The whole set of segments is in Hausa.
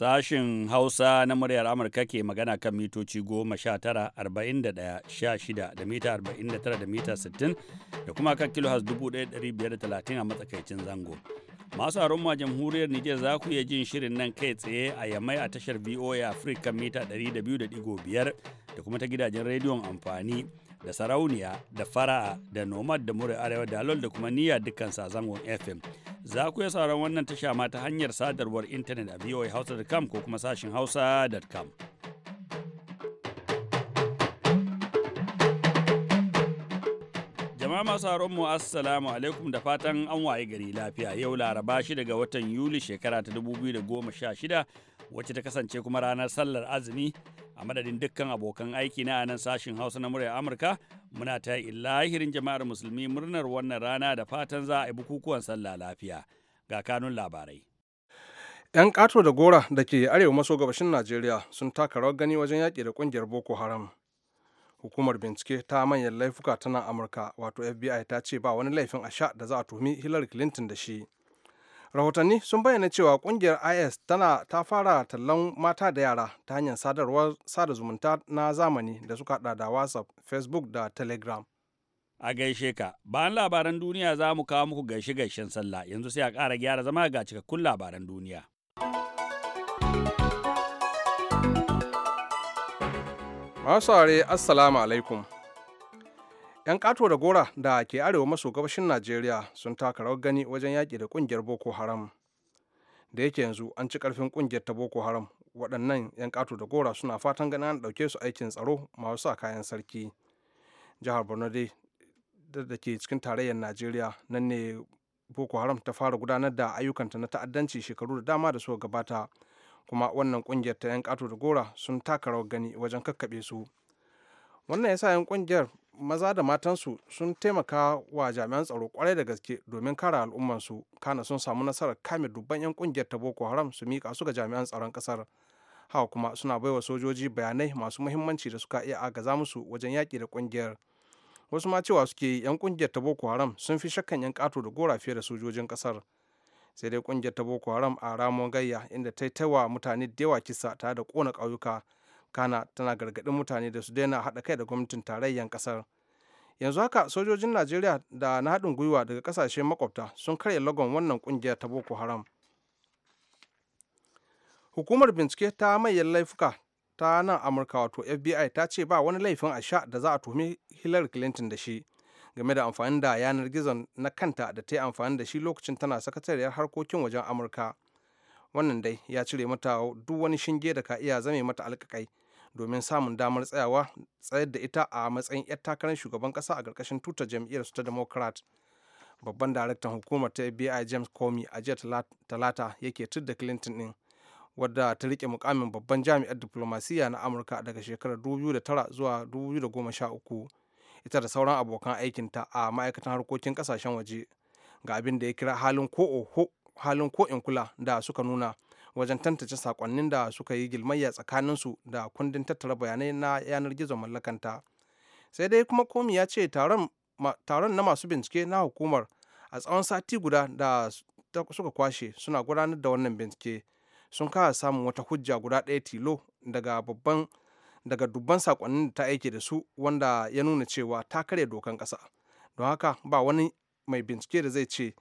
Sashin Hausa na muryar Amurka ke magana kan mitoci goma sha tara arba'in da ɗaya sha shida da mita arba'in da tara da mita sittin da kuma kan kilo has dubu ɗaya ɗari biyar da talatin a matsakaicin zango. Masu aron ma jamhuriyar Nijar za ku iya jin shirin nan kai tsaye a yamai a tashar VOA Africa mita ɗari da biyu da ɗigo biyar da kuma ta gidajen rediyon amfani da sarauniya da fara'a da nomad da mure arewa da alol da kuma niyya dukkan zangon fm za ku iya sauran wannan tasha ma ta hanyar sadarwar intanet a voahausa.com ko kuma sashin hausa.com jama'a masu haron mu assalamu alaikum da fatan an waye gari lafiya yau laraba shi daga watan yuli shekara ta 2016 wacce ta kasance kuma ranar sallar azumi a madadin dukkan abokan aiki na nan sashin hausa na murya amurka muna ta yi lahirin jama'ar musulmi murnar wannan rana da fatan za a yi bukukuwan sallah lafiya ga kanun labarai 'yan kato da gora da ke arewa maso gabashin najeriya sun taka rawar gani wajen yaƙi da ƙungiyar boko haram hukumar bincike ta manyan laifuka ta nan amurka wato fbi ta ce ba wani laifin a sha da za a tuhumi hillary clinton da shi rahotanni sun bayyana cewa kungiyar is tana ta fara tallan mata da yara ta hanyar sadarwar sada zumunta na zamani da suka hada da whatsapp facebook da telegram a gaishe ka bayan labaran duniya za mu kawo muku gaishe gaishen sallah yanzu sai a kara gyara zama ga cikakkun labaran duniya masu assalamu alaikum 'Yan kato da gora da ke arewa maso gabashin Najeriya sun taka rawar gani wajen yaƙi da ƙungiyar Boko Haram. Da yake yanzu an ci ƙarfin ƙungiyar ta Boko Haram, waɗannan 'yan kato da gora suna fatan ganin an ɗauke su aikin tsaro masu sa kayan sarki. Jihar Borno dai da ke cikin tarayyar Najeriya nan ne Boko Haram ta fara gudanar da ayyukanta na ta'addanci shekaru da dama da suka gabata. kuma wannan kungiyar ta 'yan kato da gora sun taka rawar gani wajen kakkaɓe su wannan yasa 'yan kungiyar maza da matansu sun taimaka wa jami'an tsaro kwarai da gaske domin kare al'ummansu kana sun samu nasarar kame dubban 'yan kungiyar ta boko haram su mika su ga jami'an tsaron ƙasar hawa kuma suna baiwa sojoji bayanai masu muhimmanci da suka iya agaza musu wajen yaƙi da kungiyar wasu ma cewa suke yi, 'yan kungiyar ta boko haram sun fi shakkan 'yan kato da gora fiye da sojojin ƙasar sai dai kungiyar ta boko haram a ramon gayya inda ta yi wa mutane da yawa kisa tare da kona ƙauyuka kana tana gargaɗin mutane da su daina haɗa kai da gwamnatin tarayyan ƙasar yanzu haka sojojin najeriya da na haɗin gwiwa daga kasashen makwabta sun karya lagon wannan ƙungiyar ta boko haram hukumar bincike ta manyan laifuka ta nan amurka wato fbi ta ce ba wani laifin asha da za a tuhumi hillary clinton da shi game da amfani da yanar gizon na kanta da ta yi amfani da shi lokacin tana sakatariyar harkokin wajen amurka wannan dai ya cire mata duk wani shinge da ka iya zame mata alkakai domin samun damar tsayawa tsayar da ita a matsayin 'yar takarar shugaban kasa a karkashin tutar jam'iyyar su ta democrat babban daraktan hukumar ta fbi james comey a jiya talata yake tud da clinton din wadda ta rike mukamin babban jami'ar diplomasiya na amurka daga shekarar 2009 zuwa 2013 ita da sauran abokan aikinta a ma'aikatan harkokin kasashen waje ga abin da ya kira halin koin halin ko in kula da suka nuna wajen tantance sakonnin da suka yi gilmayya tsakaninsu da kundin tattara bayanai na yanar gizo mallakanta sai dai kuma komi ya ce taron na masu bincike na hukumar a tsawon sati guda da suka kwashe suna gudanar da wannan bincike sun kawo samun wata hujja guda ɗaya tilo daga babban daga dubban sakonnin da ta aike da su wanda ya nuna cewa ta karya dokan ƙasa don haka ba wani mai bincike da zai ce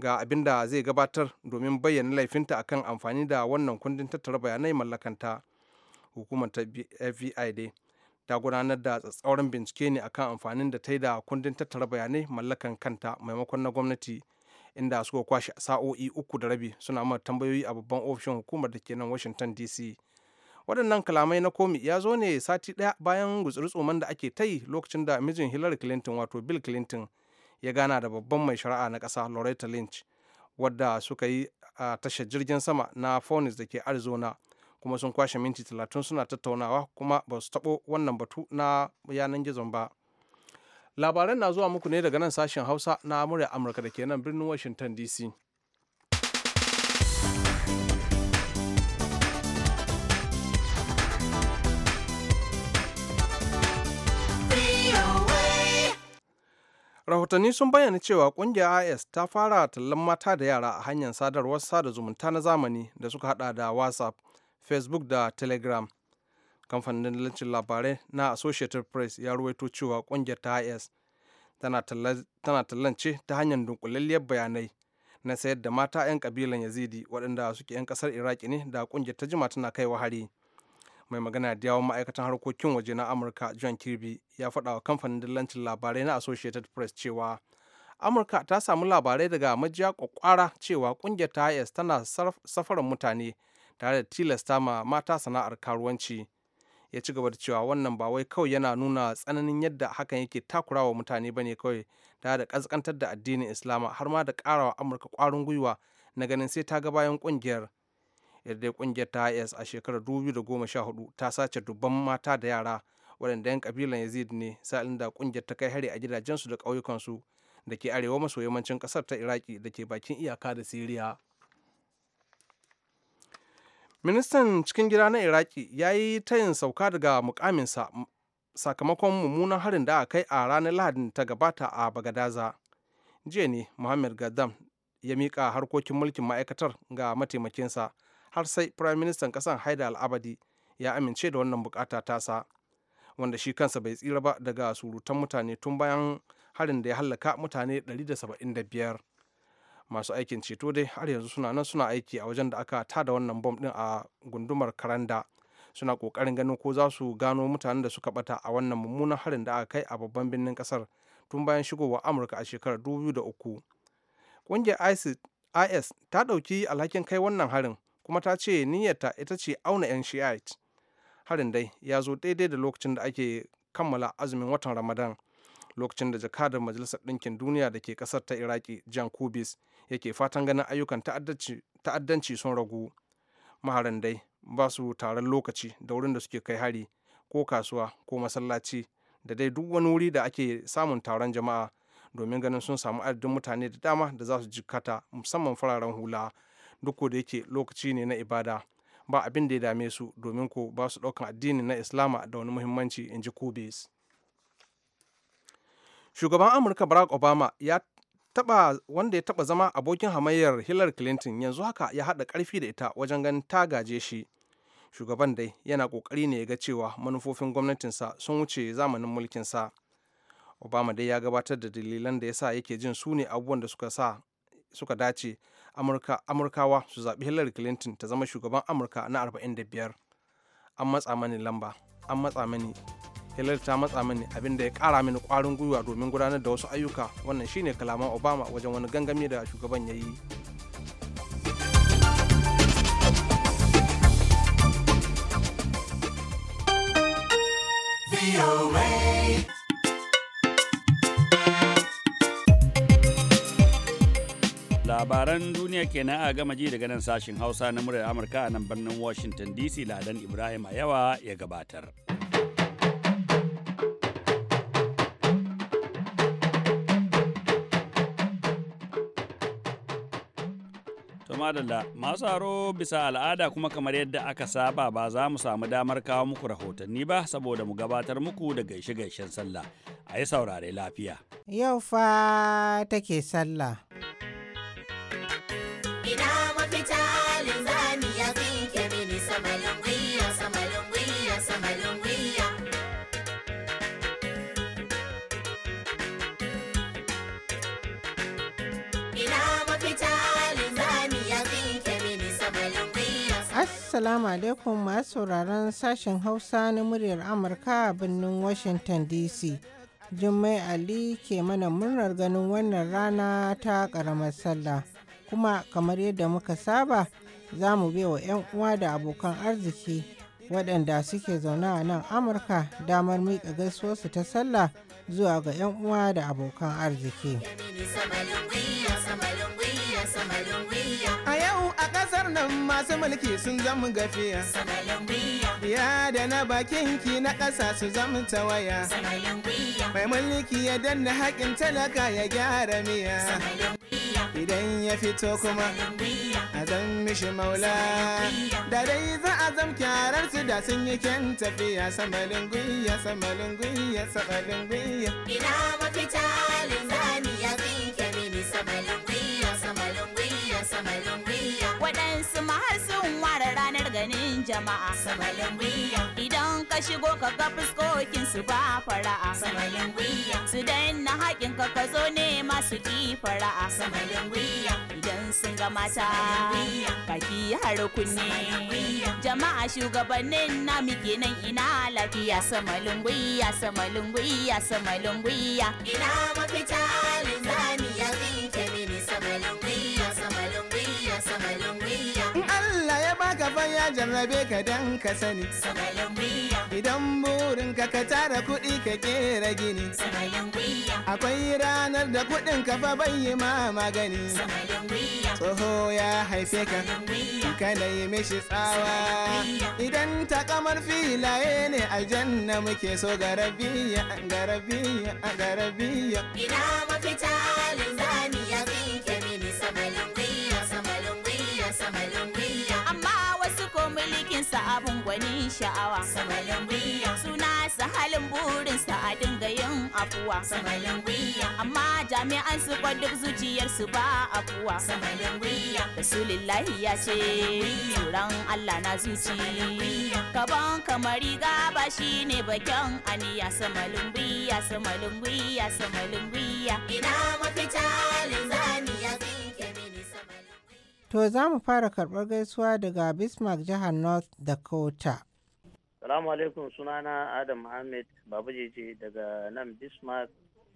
ga abin da zai gabatar domin bayyana laifinta akan amfani da wannan kundin tattara bayanai mallakanta hukumar ta fbi eh, dai ta gudanar da tsatsauran bincike ne akan amfanin da ta yi da kundin tattara bayanai mallakan kanta maimakon na gwamnati inda suka kwashe sa'o'i uku da rabi suna mara tambayoyi a babban ofishin hukumar da ke nan washington dc waɗannan kalamai na komi ya zo ne sati ɗaya bayan gutsuri da ake ta yi lokacin da mijin hillary clinton wato bill clinton ya gana da babban mai shari'a na ƙasa loretta lynch wadda suka yi a tashar jirgin sama na phoenix da ke arizona kuma sun kwashe minti talatin suna tattaunawa kuma ba su taɓo wannan batu na yanan gizon ba labaran na zuwa muku ne daga nan sashen hausa na murya amurka da ke nan birnin washington dc rahotanni sun bayyana cewa kungiyar is ta fara tallan mata da yara a hanyar sadarwar sada zumunta na zamani da suka hada da whatsapp facebook da telegram kamfanin dalilancin labarai na associated press ya ruwaito cewa kungiyar ta is tana tallance ta hanyar dunkulalliyar bayanai na sayar da mata 'yan kabilan yazidi waɗanda suke 'yan ƙasar iraki ne da kungiyar ta jima tana kaiwa hari mai magana da yawon ma'aikatan harkokin waje na amurka john kirby ya faɗa wa kamfanin dillancin labarai na associated press cewa amurka ta samu labarai daga majiya kwakwara cewa ƙungiyar ta is tana safarar mutane tare da tilasta ma mata sana'ar karuwanci ya ci gaba da cewa wannan ba wai kawai yana nuna tsananin yadda hakan yake takurawa mutane bane kawai tare da kaskantar da addinin islama har ma da karawa amurka kwarin gwiwa na ganin sai ta ga bayan ƙungiyar. yadda kungiyar ta is a shekarar 2014 ta sace dubban mata da yara waɗanda 'yan kabilan yazid ne sa'ilin da kungiyar ta kai hari a gidajensu da ƙauyukansu da ke arewa maso yammacin ƙasar ta iraki da ke bakin iyaka da siriya ministan cikin gida na iraki ya yi tayin sauka daga mukaminsa sakamakon mummunan harin da aka kai a ranar lahadin ta gabata a bagadaza jiya ne muhammad gaddam ya miƙa harkokin mulkin ma'aikatar ga mataimakinsa har sai firayim ministan kasan haida al'abadi ya amince da wannan bukata tasa wanda shi kansa bai tsira ba daga surutan mutane tun bayan harin da ya hallaka mutane 175 masu aikin ceto dai har yanzu suna nan suna aiki a wajen da aka tada wannan bom din a gundumar karanda suna kokarin ganin ko za su gano mutanen da suka bata a wannan mummunan harin da aka kai a babban birnin kasar tun bayan shigowa amurka a shekarar 2003 ƙungiyar S ta ɗauki alhakin kai wannan harin kuma ta ce niyyarta ita ce auna 'yan shi'ait harin dai ya zo daidai da lokacin da ake kammala azumin watan ramadan lokacin da jakadar majalisar ɗinkin duniya da ke ƙasar ta iraki jan kubis yake fatan ganin ayyukan ta'addanci sun ragu maharan dai ba su taron lokaci da wurin da suke kai hari ko kasuwa ko masallaci da dai duk wani wuri da ake samun taron jama'a domin ganin sun samu adadin mutane da dama da za su jikkata musamman fararen hula duk da yake lokaci ne na ibada ba abin da ya dame su domin ko ba su ɗaukan addini na islama da wani muhimmanci in ji kubis shugaban amurka barack obama ya taba wanda ya taba zama abokin hamayyar hillary clinton yanzu haka ya haɗa karfi da ita wajen ganin ta gaje shi shugaban dai yana ƙoƙari ne ya ga cewa manufofin gwamnatinsa sun wuce zamanin mulkinsa obama dai ya gabatar da dalilan da ya sa yake jin su ne abubuwan da suka dace amurka amurkawa su zaɓi hillary clinton ta zama shugaban amurka na 45 an matsa mani lamba an matsa mani hillary ta matsa mani abin da ya ƙara mini ƙwarin gwiwa domin gudanar da wasu ayyuka wannan shine kalaman obama wajen wani gangami da shugaban ya yi labaran duniya kenan a gama ji daga nan sashin hausa na muryar amurka a nan birnin washington dc ladan ibrahim a yawa ya gabatar madalla masu haro bisa al'ada kuma kamar yadda aka saba ba za mu samu damar kawo muku rahotanni ba saboda mu gabatar muku da gaishe-gaishen sallah a yi saurare lafiya yau fa take sallah Assalamu alaikum masu sauraron sashen Hausa na muryar Amurka a birnin Washington DC. Jummai Ali ke mana murnar ganin wannan rana ta ƙaramar sallah. Kuma kamar yadda muka saba za mu wa 'yan uwa da abokan arziki waɗanda suke zaune a nan Amurka damar miƙa gaisuwarsu ta sallah zuwa ga 'yan uwa da abokan arziki. kasar nan masu mulki sun zama gafiya biya da na bakin ki na ƙasa su zama tawaya mai mulki ya danna haƙin talaka ya gyara miya idan ya fito kuma a zan mishi maula da dai za a zam kyarar su da sun yi kyan tafiya samalin gwiya samalin gwiya samalin gwiya ina mafita ya tsinke mini samalin gwiya mun ware ranar ganin jama'a. Samalin wiya. Idan ka shigo ka ga fuskokin su ba fara'a. Samalin wiya. Su danna haƙin ka ka zo ne su ki fara'a. Samalin wiya. Idan sun ga mata. Baki har kunne. Jama'a shugabannin na muke nan ina lafiya. Samalin wiya, samalin wiya, samalin wiya. Ina mafita. na jarrabe ka dan ka sani idan burin ka ka tara kuɗi ka kera gini akwai ranar da kuɗin ka fa bai ma magani tsoho ya haife ka kana yi mishi tsawa idan ta kamar filaye ne aljanna muke so garabiya garabiya garabiya ina mafita sa abin gwani sha'awa samayin wiya suna su halin burin sa a dinga yin afuwa samayin amma jami'an su kwa duk zuciyar su ba afuwa samayin wiya rasulullahi ya ce tsoron Allah na zuci kaban kamar riga ba shine bakin aniya samalin wiya samalin wiya samalin wiya ina mafi To za mu fara karɓar gaisuwa daga Bismarck jihar North Dakota. Salamu alaikum sunana Adam Ahmed Babajeje daga nan Bismarck,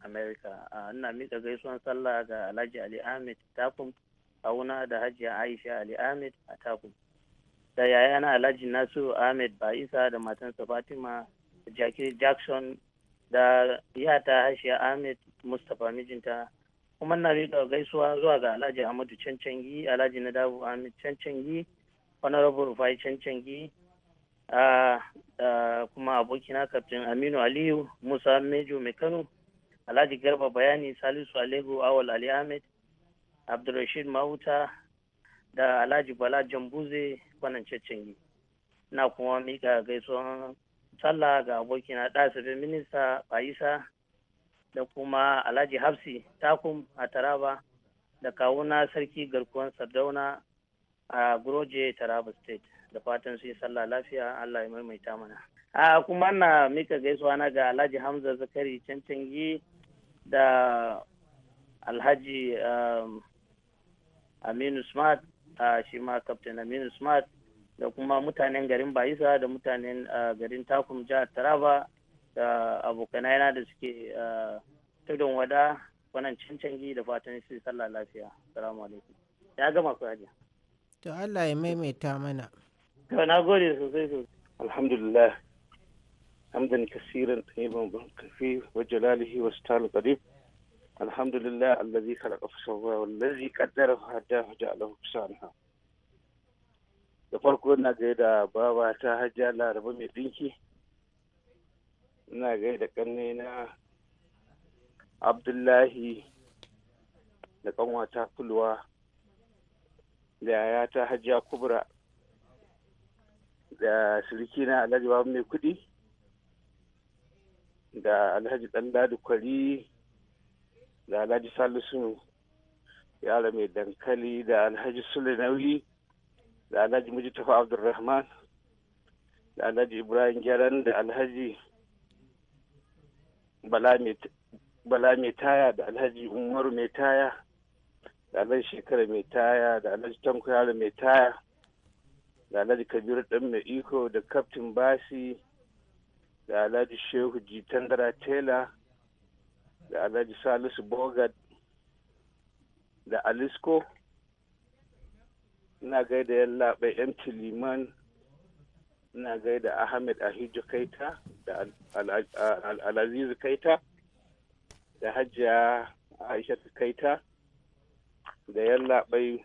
America. Ina miƙa gaisuwan sallah ga Alhaji Ali Ahmed Takum, Auna da Hajiya Aisha Ali Ahmed a Takum. Da yayana Alhaji Nasiru Ahmed Ba'isa da matansa Fatima Jackie Jackson da yata Hashiya Ahmed Mustapha mijinta kuma na rika gaisuwa zuwa ga alhaji amadu cancangi alhaji na dabu ahmed cancangi honorable rufai cancangi kuma abokina captain aminu aliyu musa mejo mai kano alhaji garba bayani salisu alego awal ali ahmed abdulrashid Mauta, da alhaji bala jambuze kwanan cancangi na kuma mika gaisuwan sallah ga abokina ɗasibin minista faisa da kuma alhaji hafsi takum a taraba da kawuna sarki garkuwan sardauna a groje taraba state da fatan suyi sallah lafiya allah ya maimaita mana a kuma na mika gaisuwa na ga alhaji hamza zakari cancangi da alhaji um, aminu smart shi ma captain aminu smart da kuma mutanen garin bayisa da mutanen uh, garin takum jihar taraba da abokan yana da suke eh, tudun wada wannan cancanci da fatan su sallah lafiya salamu alaikum ya gama ku hajiya to Allah ya maimaita mana to na gode sosai sosai alhamdulillah hamdan kasiran tayyiban ban kafi wa jalalihi wa stal qadib alhamdulillah alladhi khalaqa fa sawwa wallazi qaddara fa hada fa ja'alahu sanha da farko na gaida baba ta hajjala rabu mai dinki ina da kanne na abdullahi da kanwata kulwa da yayata hajiya kubra da shirki na alhaji babu mai kudi da alhaji ɗanladi kwari da alhaji salisu yara mai dankali da alhaji sule nauyi da alhaji mujitafa abdulrahman da alhaji ibrahim gyaran da alhaji bala mai taya da alhaji umaru mai taya da alhaji shekara mai taya da alhaji tankwala mai taya da alhaji kabiru dan mai iko da kaftin basi da alhaji shehu jitandara tela da alhaji salisu Bogat da alisko ina gaida yan labai yan tiliman ina gaida ahmed ahiju kaita da al'azizu kaita da hajiya aisha kaita da yallaɓai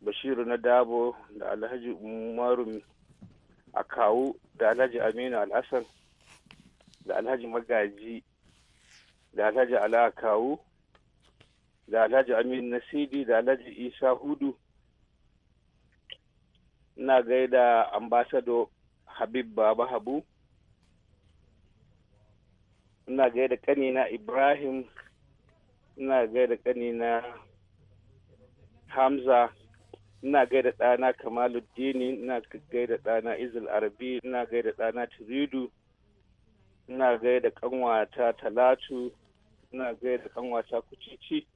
bashiru na dabo da alhaji umaru akawu da alhaji aminu al'asan da alhaji magaji da alhaji ala akawu da alhaji aminu nasidi da alhaji isa hudu Na gaida ambasado habib baba habu ina gaida kanina ibrahim ina gaida kanina hamza ina gaida ɗana kamaluddini ina gaida ɗana izil arabi ina gaida ɗana tiridu ina gaida kanwata talatu ina gaida kanwata kucici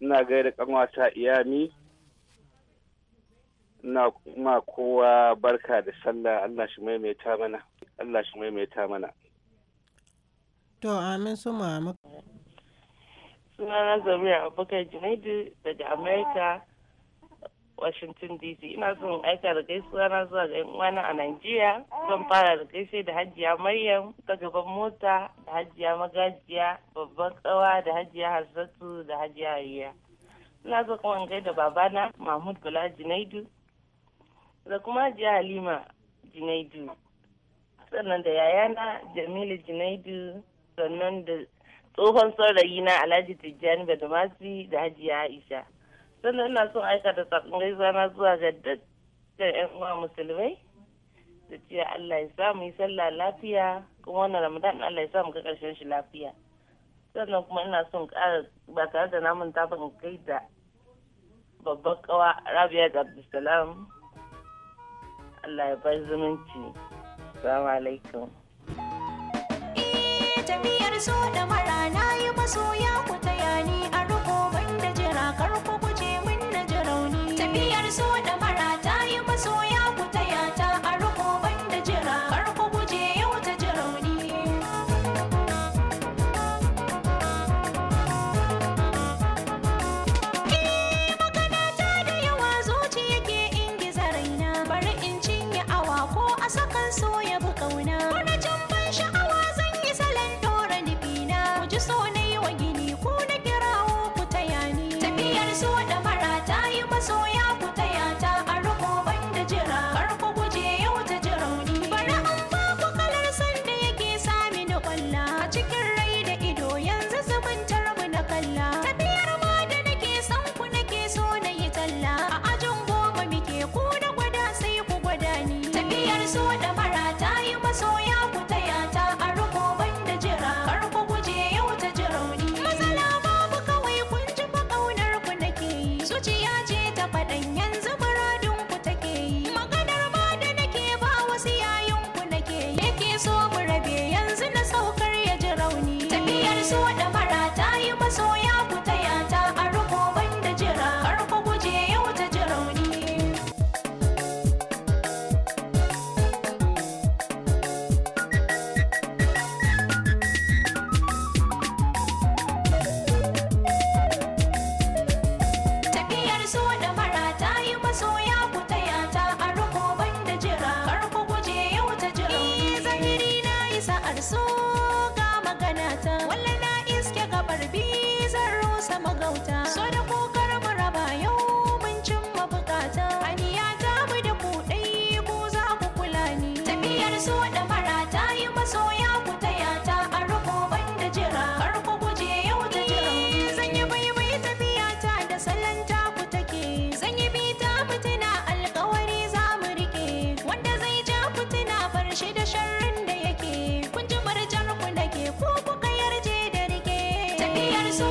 ina gaida kanwata iyami na kowa barka da sallah Allah shi maimaita mana Allah shi ta mana to amin su mamu sunana abubakar junaidu daga america washington dc ina son aika da gaisuwa na zuwa ga uwana a nigeria zan fara da gaishe da hajiya maryam ta gaban mota da hajiya magajiya babban kawa da hajiya hazzatu da hajiya suna ina so kuma gaida babana mahmud bala junaidu da kuma ji halima jinaidu sannan da yayana jamilu jinaidu sannan da tsohon saurayi na alhaji tijjani badamasi da hajiya aisha sannan ina son aika da sakon gaisuwa na zuwa ga dukkan yan uwa musulmai da cewa allah ya samu yi sallah lafiya kuma wannan ramadan allah ya samu mu ga karshen shi lafiya sannan kuma ina son ƙara ba tare da namun tafin kai da babban kawa rabia da abdulsalam Allah ya bar zumunci. Salamu alaikum. Tafiyar eh, so da mara na yi masoya ku taya ni a riko da jira karku guje min na jirauni. Tafiyar so da mara ta yi masoya ku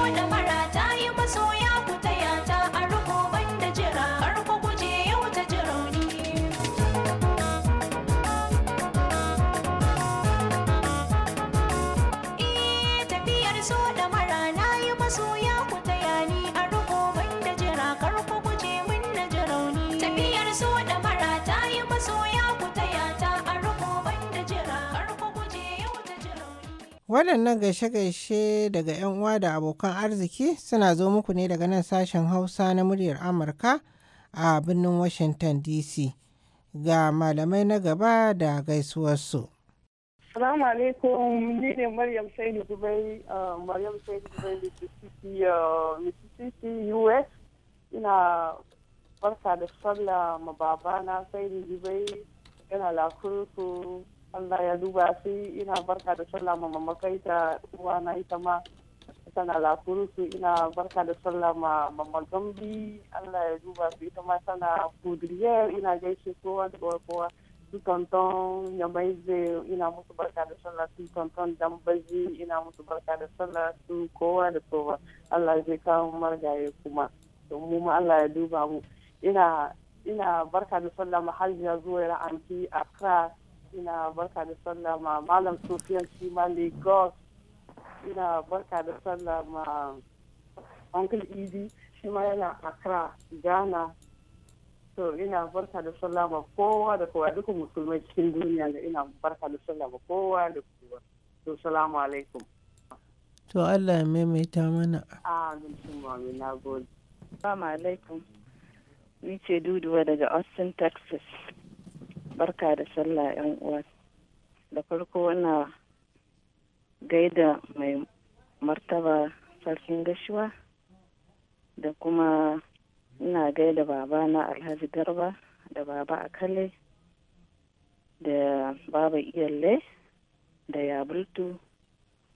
sort of Waɗannan gaishe-gaishe daga 'yan uwa da abokan arziki suna zo muku ne daga nan sashen Hausa na muryar Amurka a birnin Washington DC. Ga malamai na gaba da gaisuwarsu. Salamu alaikum, ni ne Maryam Saidu Dubai, Maryam Saidu Dubai, Mississippi, Mississippi, US. Ina barka da sallah ma babana Saidu Dubai, yana lakurku Allah ya duba sai ina barka da sallah ma mamakai ta uwa na ita ma tana lakuru su ina barka da sallah ma mamman gambi Allah ya duba su ita ma tana kudiriyar ina gaishe kowa da kowa kowa su tonton yamaize ina musu barka da sallah su tonton dambazi ina musu barka da sallah su kowa da kowa Allah zai kawo margaye kuma don mu ma Allah ya duba mu ina ina barka da sallah ma har ya zo ya ra'anti a kras ina barka da sallah ma malam sufiyan shi ma lagos ina barka da sallah ma uncle idi shi ma yana accra ghana to ina barka da sallah ma kowa da kowa duka musulmai cikin duniya da ina barka da sallah ma kowa da kowa to salamu alaikum to allah ya maimaita mana amin sun na gode salamu alaikum ni ce duduwa daga austin texas barka da sallah yan uwa da farko ina gaida mai martaba sarkin gashuwa da kuma ina gaida baba na alhaji garba da baba akale da baba iyalle da yabultu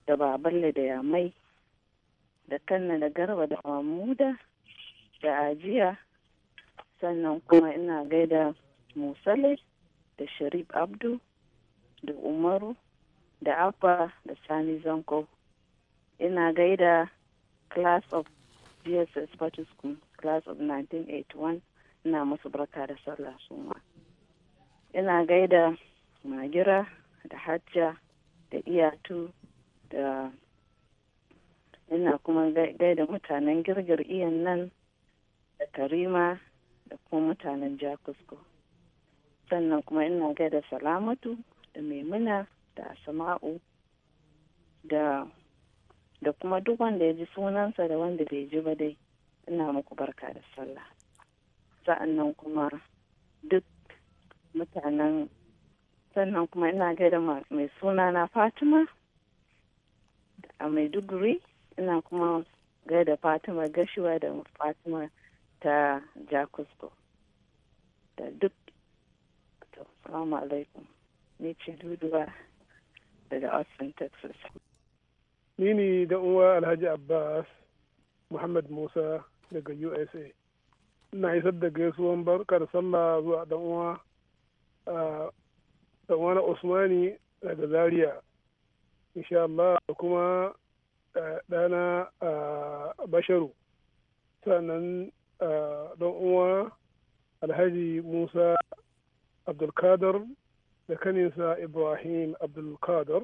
da baballe da yamai da kanna da garba da mamuda da ajiya sannan kuma ina gaida musale da sharif abdu da umaru da abba da sani zanko ina gaida class of gss party school class of 1981 ina masu barka da sallah suma ina gaida magira da hajja da iyatu da ina kuma gaida mutanen girgir iyan nan da karima da kuma mutanen jakusko sannan kuma ina gaida salamatu da maimuna da asama'u da da kuma duk wanda ya ji sunansa da wanda bai ji ba dai ina muku barka da sallah sa'annan kuma duk mutanen sannan kuma ina gaida mai suna na fatima a maiduguri ina kuma gaida fatima gashiwa da fatima ta jakusko da duk To, salamu alaikum. Ni daga Austin, Texas. Ni ne da uwa Alhaji Abbas Muhammad Musa daga USA. na isar da gaisuwan barkar sallah zuwa dan uwa da uwa na Usmani daga Zaria. Insha Allah da kuma ɗana Basharu. Sannan da uwa Alhaji Musa abdulkadar da kaninsa ibrahim abdulkadar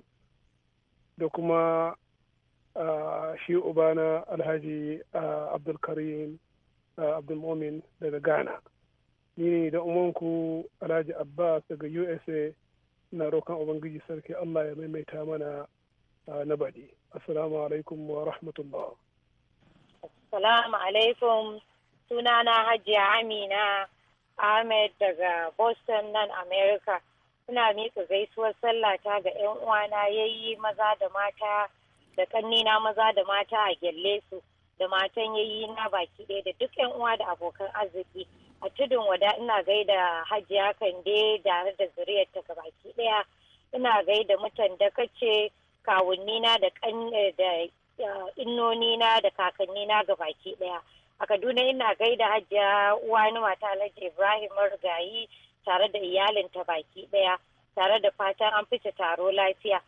da kuma shi ubana alhaji abdulkarim abdulmomin daga ghana ni ne da umanku alhaji abbas daga usa na roƙon ubangiji sarki allah ya maimaita mana na baɗi assalamu alaikum wa rahmatullah assalamu alaikum sunana hajiya amina Ahmed daga Boston nan America. Ina miƙa gaisuwar sallata ga 'yan uwana yayi maza da mata da na maza da mata a gyalle su da matan yayi na baki ɗaya da duk 'yan uwa da abokan arziki. A tudun wada ina gaida hajiya kande tare da zuriyarta ga baki ɗaya. Ina gaida mutan da kace kawunnina da eh, eh, innonina da kakannina ga baki ɗaya. a kaduna ina gaida hajiya uwani mata alhaji ibrahim marigayi tare da iyalinta baki daya tare da fatan an fice taro lafiya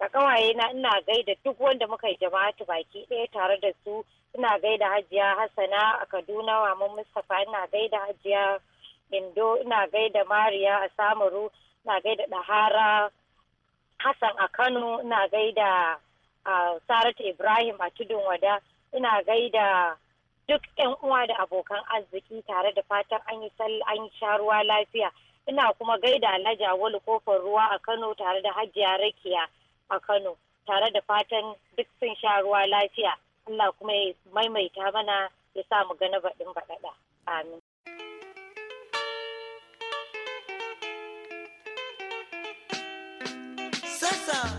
a kawaye na ina gaida duk wanda muka yi jama'atu baki daya tare da su ina gaida hajiya hassana a kaduna maman mustapha ina gaida hajiya indo ina gaida mariya a Samaru ina gaida dahara hassan a kano ina gaida ah, saratu ibrahim a tudun wada ina gaida duk yan uwa da abokan arziki tare da fatan an yi sharuwa lafiya ina kuma gaida alhaji awolu kofar ruwa a kano tare da hajiya rakiya a kano tare da fatan duk sun sha ruwa lafiya allah kuma ya maimaita mana ya sa mu gana baɗin baɗaɗa amin Sasa.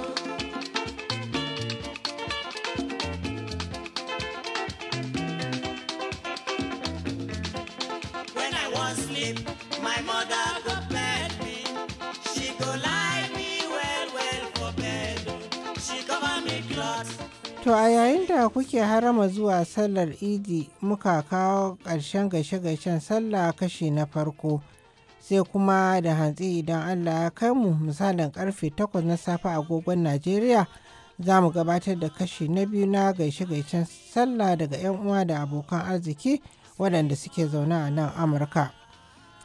sleep. To a yayin da kuke harama zuwa sallar idi muka kawo ƙarshen gashe-gashen sallah kashi na farko sai kuma da hantsi idan Allah ya kai mu misalin karfe 8 na safe agogon Najeriya za mu gabatar da kashi na biyu na gaishe-gaishen sallah daga 'yan uwa da abokan arziki waɗanda suke zaune a nan Amurka.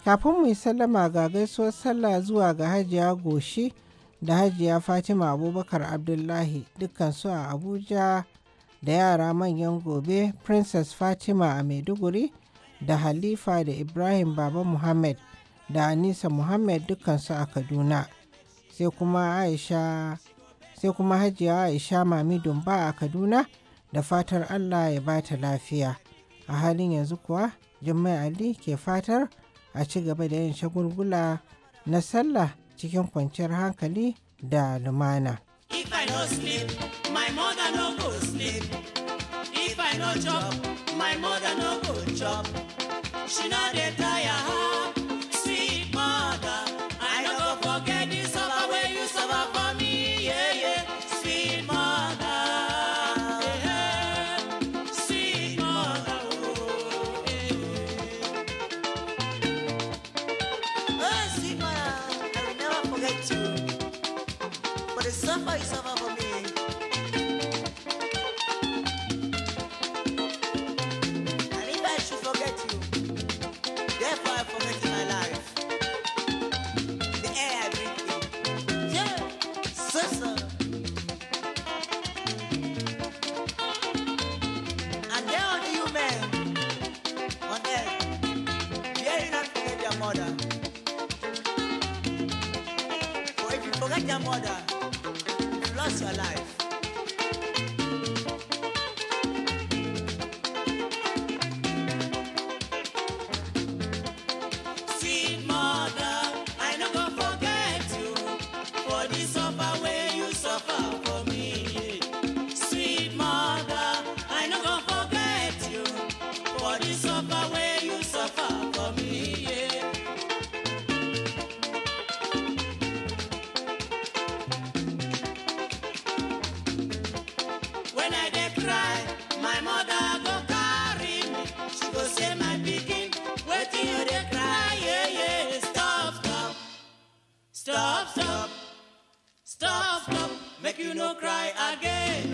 Kafin mu yi sallama ga gaisuwar sallah zuwa ga Hajiya Goshi da Hajiya Fatima Abubakar Abdullahi dukkansu a Abuja da yara manyan gobe Princess Fatima a Maiduguri da Halifa da Ibrahim Baba Muhammad da Anisa Muhammad dukkansu a Kaduna. Sai kuma Aisha sai kuma Hajiya Aisha Mami Dumba a Kaduna da fatar Allah ya bata lafiya. A halin yanzu kuwa Jummai Ali ke fatar a ci gaba da yin shagulgula na sallah cikin kwanciyar hankali da lumana. If I no sleep, my your mother, you lost your life. Stop, stop, stop, stop, make you no cry again.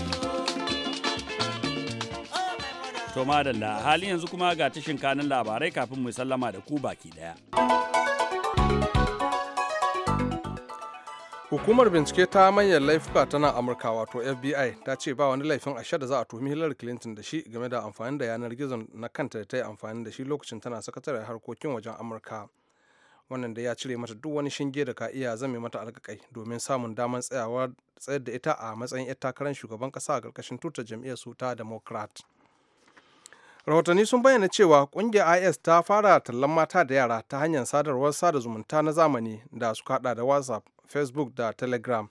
To madalla halin yanzu kuma ga tashin kanin labarai kafin mu sallama da ku baki daya. Hukumar bincike ta manyan laifuka tana Amurka wato FBI ta ce ba wani laifin ashe da za a tuhumi Hillary Clinton da shi game da amfani da yanar gizon na kanta da ta yi amfani da shi lokacin tana sakatare harkokin wajen Amurka. wannan da ya cire mata duk wani shinge da ka iya zame mata alkakai domin samun damar tsayawa tsayar da ita a matsayin 'yar takarar shugaban ƙasa a ƙarƙashin tutar jam'iyyar su ta democrat rahotanni sun bayyana cewa kungiyar is ta fara tallan mata da yara ta hanyar sadarwar sada zumunta na zamani da su hada da whatsapp facebook da telegram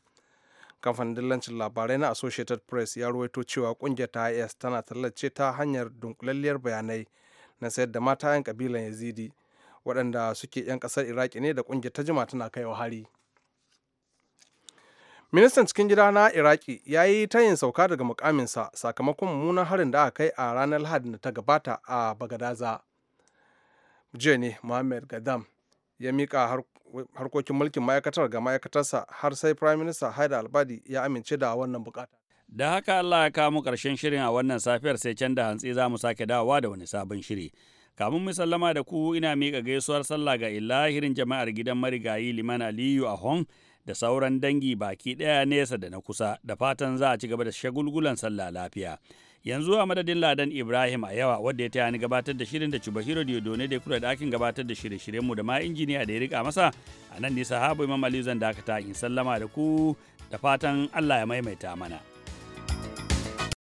kamfanin dillancin labarai na associated press ya ruwaito cewa kungiyar ta is tana tallace ta hanyar dunkulalliyar bayanai na sayar da mata 'yan kabilan yazidi waɗanda suke 'yan ƙasar iraki ne da ƙungiyar ta jima tana kaiwa hari ministan cikin gida na iraki ya yi tayin sauka daga mukaminsa sakamakon mummunan harin da aka kai a ranar lahadi da ta gabata a bagadaza jiya ne gadam ya mika harkokin mulkin ma'aikatar ga ma'aikatarsa har sai prime minister haida albadi ya amince da wannan bukata da haka allah ya kawo mu karshen shirin a wannan safiyar sai can da hantsi za mu sake dawowa da wani sabon shiri Kamun mu sallama da ku ina miƙa gaisuwar sallah ga ilahirin jama'ar gidan marigayi Liman Aliyu a Hong da sauran dangi baki ɗaya nesa da na kusa da fatan za a ci gaba da shagulgulan sallah lafiya. Yanzu a madadin Ladan Ibrahim a yawa wadda ya taya ni gabatar da shirin da cuba Diodone da kula da gabatar da shirye-shiryen mu da ma injiniya da ya rika masa a nan nisa habu Imam Ali zan dakata in sallama da ku da fatan Allah ya maimaita mana.